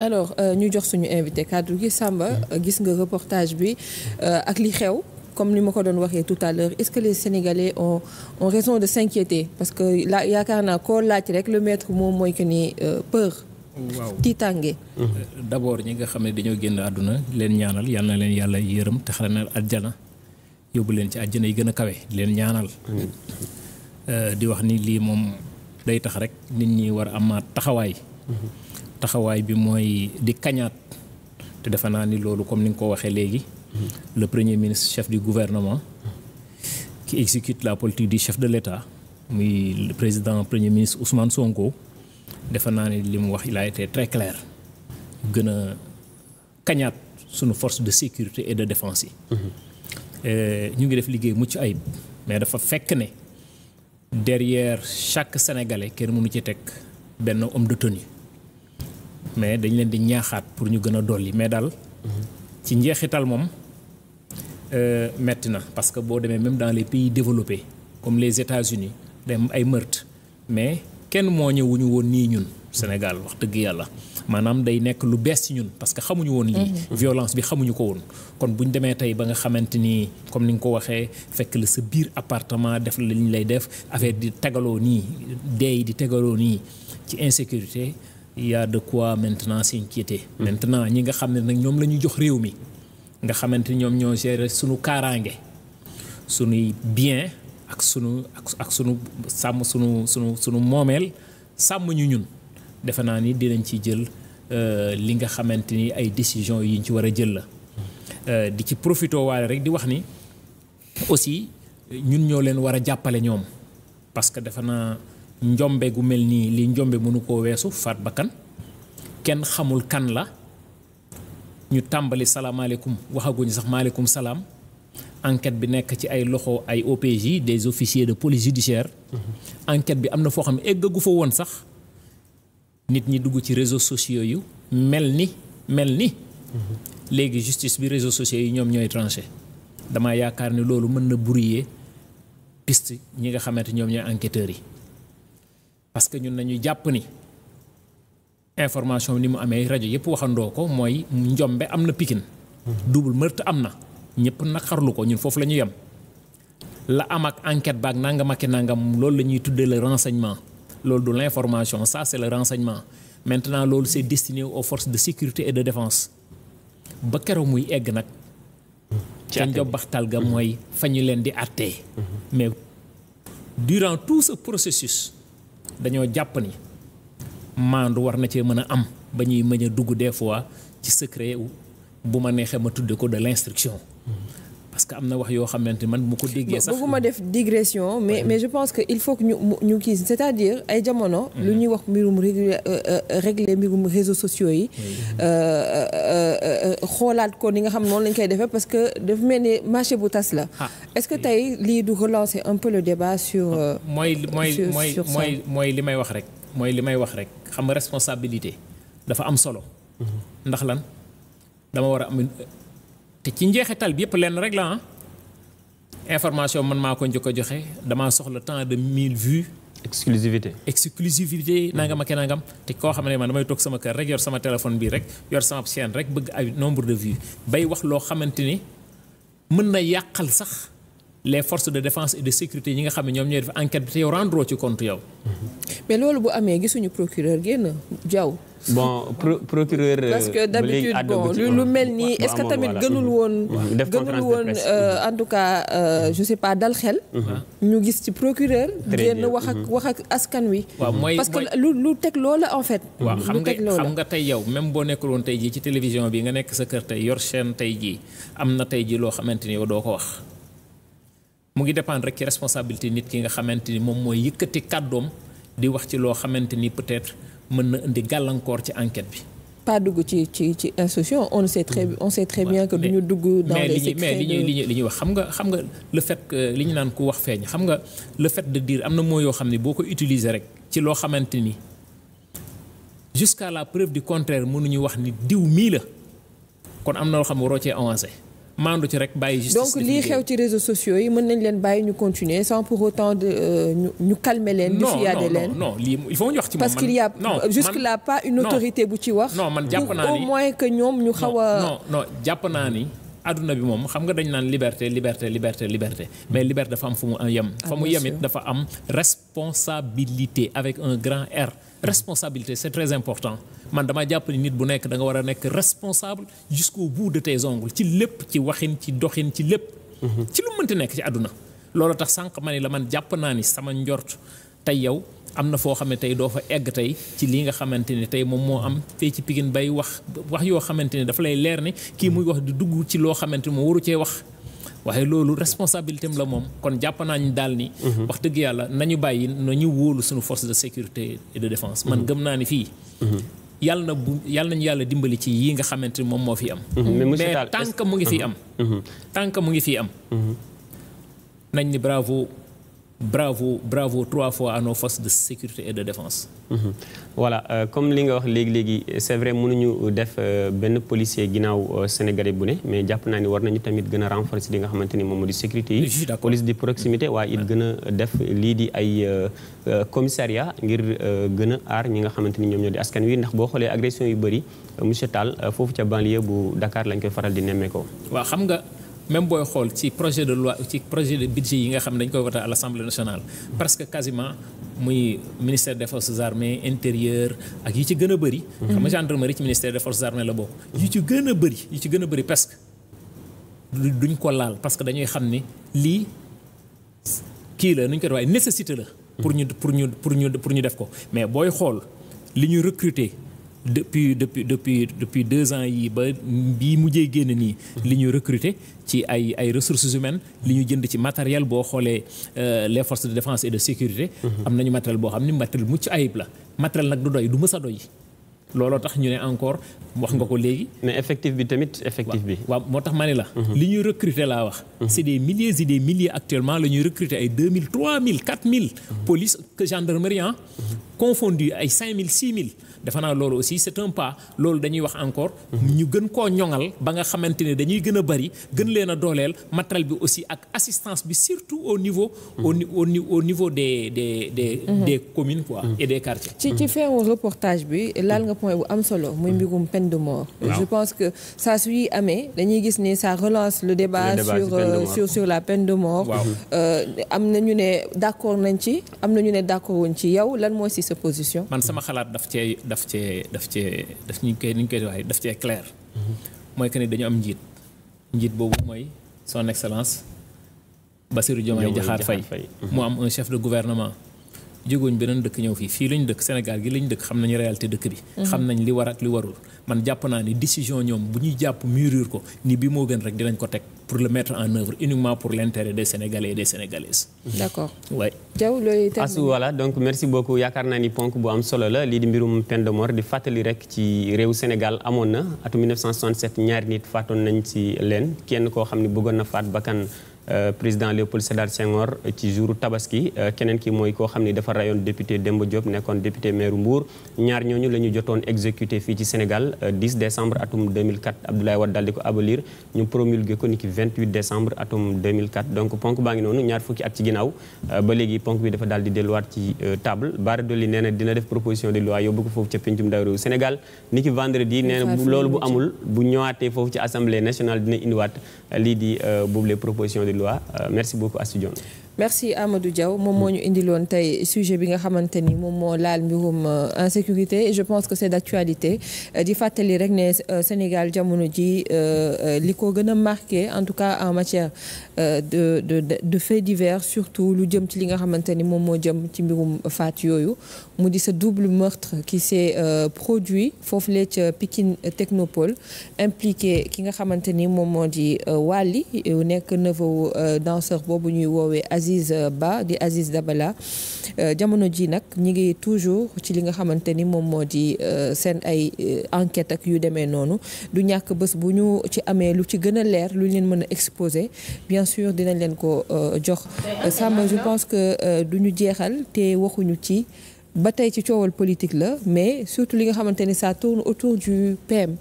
alors euh, ñu jox suñu invité kaddu gi Samba gis nga reportage bi euh, ak li xew comme ni ma ko doon waxee tout à l'heure est-ce que les Sénégalais ont ont raison de s'inquiéter parce que la yaakaar naa ko laaj rek le maître moom mooy que ni euh, peur. waaw tiitange. d'abord ñi nga xam ne dañoo génn àdduna leen ñaanal yal na leen yàlla yërëm te xanaa na àjjana yóbbu leen ci àjjana yi gën a kawe leen ñaanal. Mm-hmm. di wax ni lii moom day tax rek nit ñi war a amaat taxawaay. Mm-hmm. taxawaay bi mooy di kañaat te defe naa ni loolu comme ni nga ko waxee léegi. le premier ministre chef du gouvernement. qui exécute la politique di chef de l'État. muy le président premier ministre Ousmane Sonko. defa naa ni li mu wax il a été très clair. gën a kañaat sunu force de sécurité et de défense yi. Euh, ñu ngi def liggéey mucc ayib. mais dafa fekk ne derrière chaque sénégalais kenn mënu ci teg benn homme de tenue. mais dañ leen di ñaaxaat pour ñu gën a dolli mais daal ci njeexital moom euh, metti na parce que boo demee même dans les développé comme les États-Unis dem ay meurtre mais kenn moo ñëwuñu woon nii ñun Sénégal wax dëgg yàlla maanaam day nekk lu bees ci ñun parce que xamuñu woon lii mhm. violence bi xamuñu ko woon kon bu demee tey ba nga xamante ni comme ni nga ko waxee fekk la sa biir appartement def la lay def affaire di tegaloo nii dee yi di tegaloo nii ci insécurité y a de quoi maintenant s'inquiéter maintenant ñi nga xam ne nag ñoom lañu jox réew mi nga xamante ni ñoom ñoo gérer sunu kaaraange sunuy bien ak sunu ak sunu sàmm sunu sunu sunu moomeel sàmm ñu ñun defe naa ni dinañ ci jël euh, li nga xamante ni ay décisions yiñ ci war a jël la euh, di ci profito waale rek di wax ni aussi ñun ñoo leen war a jàppale ñoom parce que njombe gu mel nii li njombe mënu koo weesu faat bakkan kenn xamul kan la ñu tàmbali salaamaaleykum waxaguñu sax maaleykum salaam enquête bi nekk ci ay loxo ay OPJ des officiers de police judiciaire mm-hmm. enquête bi am na foo xam ne eggagu fa woon sax nit ñi dugg ci réseaux sociaux yu mel ni mel ni mm-hmm. léegi justice bi réseau sociaux yi ñoom ñooy tranché damaa yaakaar ne loolu mën na brouiller piste ñi nga xamante ñoom ñooy enquêteurs yi parce que ñun nañu jàpp ni information ni mu amee rajo yëpp waxandoo ko mooy njombe am na Pikine mhm. double meurtre am na ñëpp naqarlu ko ñun foofu la ñu yem la am ak enquête baag nangam ak nangam loolu la ñuy tuddee le renseignement loolu du l'information ça c'est le renseignement maintenant loolu c'est destiné aux force de sécurité et de défense ba keroog muy egg nag mhm. ca njobbaxtal ga mhm. mooy fa ñu leen di àttee mais durant tout ce processus dañoo jàpp ni maandu war na cee mën a am ba ñuy mën a dugg des fois ci secret bu ma neexee ma tudde ko de l'instruction parce que am na wax yoo xamante man mu ko déggee sax bëgguma def digression mais mais je pense que il faut que ñu ñu kii c'est-à-dire ay jamono mm-hmm. lu ñuy wax mbirum euh, euh, régler mbirum réseaux sociaux yi euh, xoolaat ko ni nga xam noonu lañ koy defee parce que daf mel ni marché bu tas la ah. est-ce que tey lii du relancer un peu le débat sur mooy mooy mooy mooy mooy li may wax rek mooy li may wax rek xam responsabilité dafa am solo mm-hmm. ndax lan dama war a am te ci njeexital bi yëpp lenn rek la information man maa ko njëkk a joxe damaa soxla temps de mille vues. exclusivité exclusivité nangam ak nangam te koo xam ne man damay toog sama kër rek yor sama téléphone bii rek yor sama chaîne rek bëgg ay nombre de vues bay wax loo xamante ni mën na yàqal sax. les forces de défence et de sécurité yi nga xam ne ñoom ñooy def enquête bi te yow rendre ci compte yow. mais loolu bu amee gisuñu procureur génn jaww. bon pro procureur. Euh, parce que d'habitude bon lu mel nii est-ce que tamit gënul woon. gënul woon euh, en tout cas euh, je sais pas dal xel. ñu gis ci procureur. génn wax ak mhm. wax ak askan wi. parce que lu lu teg loola en fait. lu waaw xam nga xam nga tey yow même boo nekkul woon tey jii ci télévision bi nga nekk sa kër tey yor chaîne tey jii am na tey jii loo xamante ni yow doo ko wax. mu ngi dépendre rek ci responsabilité nit ki nga xamante ni moom mooy yëkkati kàddoom di wax ci loo xamante ni peut-être mën na indi gàllankoor ci enquête bi. pas dugg ci ci ci institution on sait très on sait très bien que du dugg. dans les secrets mais li ñuy li ñuy wax xam nga xam nga le fait li ñu naan ku wax feeñ xam nga le fait de am na moo yoo xam ne boo ko utiliser rek ci loo xamante ni jusqu'à la preuve du contraire mënuñu wax nit diw mii la kon am na loo xam ne maandu ci rek bàyyi justice donc lii xew ci réseaux sociaux yi mën nañ leen bàyyi ñu continuer sans pour autant de euh, ñu calmer leen. diffuyaade leen non non lii il faut ñu wax ci moom parce qu'il y a jusque là pas une autorité bu ci wax. non man jàpp naa ni au moins que ñoom ñu xaw a. jàpp naa ni. àdduna bi moom xam nga dañ naan liberté liberté liberté liberté mais liberté dafa am fu mu yem ah, fa mu yem dafa am responsabilité avec un grand R responsabilité c'est très important man dama jàpp ni nit bu nekk da nga war a nekk responsable jusqu'au bout de tes ongles ci lépp ci waxin ci doxin ci lépp mhm. ci lu mënti nekk ci àdduna loolu tax sànq ma ni la man jàpp naa ni sama njort tey yow am na foo xam ne tey doo fa egg tey ci lii nga xamante ne tey moom moo am fee ci Pikine bay wax wax yoo xamante ne dafa lay leer ne kii muy wax di dugg ci loo xamante moom waru cee wax waaye loolu responsabilité am la moom kon jàpp naa daal ni. Mhm. wax dëgg yàlla nañu bàyyi na ñu wóolu suñu force de sécurité et de défense. man mhm. gëm naa ni fii. Mhm. yàlla na bu yàlla nañu yàlla dimbali ci yi nga xamante ni moom moo fi am. mais tant mu ngi fi am. tant que mu ngi fi am. nañ ni bravo. bravo bravo trois fois à nos de sécurité et de défense. Mhm. voilà euh, li nga wax léegi léegi c'est vrai mënuñu def euh, benn policier ginnaaw euh, sénégalais bu ne mais jàpp naa ni war nañu tamit gën a renforcer li nga xamante ni moom moo di sécurité yi. police de proximité waaye it gën a def lii di ay commissariat ngir gën a aar ñi nga xamante ni ñoom ñoo di askan wi ndax boo xoolee agression yu bëri monsieur Tall foofu ca banlieue bu dakaar lañ koy faral di nemmeekoo. waaw xam nga. même booy xool ci projet de loi ci projet de budget yi nga xam ne dañ koy voté à l' assemblée nationale presque quasiment muy ministère des forces armées intérieur ak yu ci gën a bëri mhm. xam nga gendarmerie ci ministère des forces la bokk yu ci gën a bëri yu ci gën a bëri presque duñ ko laal parce que dañuy xam ni lii kii la nuñ ko waaye nécessité la pour ñu pour ñu pour ñu pour ñu def ko mais booy xool li ñu recruter depuis depuis depuis depuis deux ans yi ba bii mujjee génne nii. li ñuy recruter ci ay ay ressources humaines. li ñu jënd ci matériel boo xoolee euh, les forces de défense et de sécurité. Mhm. am nañu matériel boo xam ni matériel mucc ayib la matériel nag du doy du mës a doy. looloo tax ñu ne encore wax nga ko léegi. mais effectif bi tamit effectif bi. waaw moo tax ma ne la. Mhm. li ñuy recruter laa wax. Mhm. c' est des milliers et des milliers actuellement la ñuy recruter ay deux mille trois mille quatre mille. police que gendarmerie confondu ay 5000 6000 defe naa loolu aussi c'est un pas loolu dañuy wax encore. ñu gën koo ñoŋal ba nga xamante ne dañuy gën a bari gën leen a dooleel matériel bi aussi ak assistance bi surtout au niveau. au au niveau des des des. Mhm. des communes quoi mhm. et des quartiers. ci ci mhm. feewu reportage bi laal nga point bu am solo muy mbirum peine de mort. je pense que saa suy amee dañuy gis ni sa relance le débat. Euh, sur sur la peine de mort. Euh, am na ñu ne d'accord nañ ci am na ñu ne d'accord wuñ ci yow la moo sa position. man sama xalaat daf cee daf cee daf cee daf ñu koy ni ñu koy waxee daf cee claire mooy que ni dañu am njiit. njiit boobu mooy son excellence. Bassirou Diomaye Diakhar Faye mu am un chef de gouvernement. jógooñ benn dëkk ñëw fii fii lañ dëkk Sénégal gi lañ dëkk xam nañu réalité dëkk bi mhm. xam nañ li war ak li warul man jàpp naa ni décision ñoom bu ñuy jàpp mûrir ko ni bi moo gën rek dinañ ko teg pour le mettre en œuvre uniquement pour l'intérêt des Sénégalais et des Sénégalaises. d'accord waay Diaw looy asu voilà donc merci beaucoup yaakaar naa ni ponk bu am solo la lii di mbirum peine de mort di fàttali rek ci réew Sénégal amoon na atum 1967 ñaari nit faatoon nañ ci leen kenn koo xam ne bëggoon na faat bakkan Euh, président Léopold Sédar Senghor ci jouru tabaski euh, keneen ki mooy koo xam ni dafa rayoon député Demba Diop nekkoon député maire Mbour ñaar ñooñu la ñu jotoon exécuté fii ci Sénégal 10 euh, décembre atum 2004 Abdoulaye Wade daal di ko abolir ñu promulgué ko ni décembre atum 2004 donc ponk baa ngi noonu ñaar fukki at ci ginnaaw ba léegi ponk bi dafa daal di delluwaat ci table Bara Dolly nee dina def proposition de loi yóbbu ko foofu ca pencum ndaw réew Sénégal ni ki amul bu ñëwaatee foofu ci assemblée nationale dina indiwaat lii di euh, boobu les propositions de loi euh, merci beaucoup Astou Dione merci Amadou Diaw moom moo ñu indiloon tey sujet bi nga xamante ni moom moo laal mbirum euh, insécurité je pense que c'est d'actualité euh, di fàttali rek ne euh, Sénégal jamono ji li ko gën a marqué en tout cas en matière de de de faits divers surtout lu jëm ci li nga xamante ni moom moo jëm ci mbirum faat yooyu mu di sa double meurtre qui s'est produit foofu la ca Pikine Technopole impliqué ki nga xamante ni moom moo di Wally nekk neveu danseur boobu ñuy woowee Aziz euh, Ba di Aziz Dabala euh, jamono ji nag ñi ngi toujours ci li nga xamante ni moom moo di euh, seen ay enquête ak yu demee noonu du ñàkk bés bu ñu ci amee lu ci gën a leer lu leen mën a exposé bien sûr dinañ leen ko jox Samba je pense que du ñu jeexal te waxuñu ci ba tey ci coowal politique la mais surtout li nga xamante ni tourne autour du PM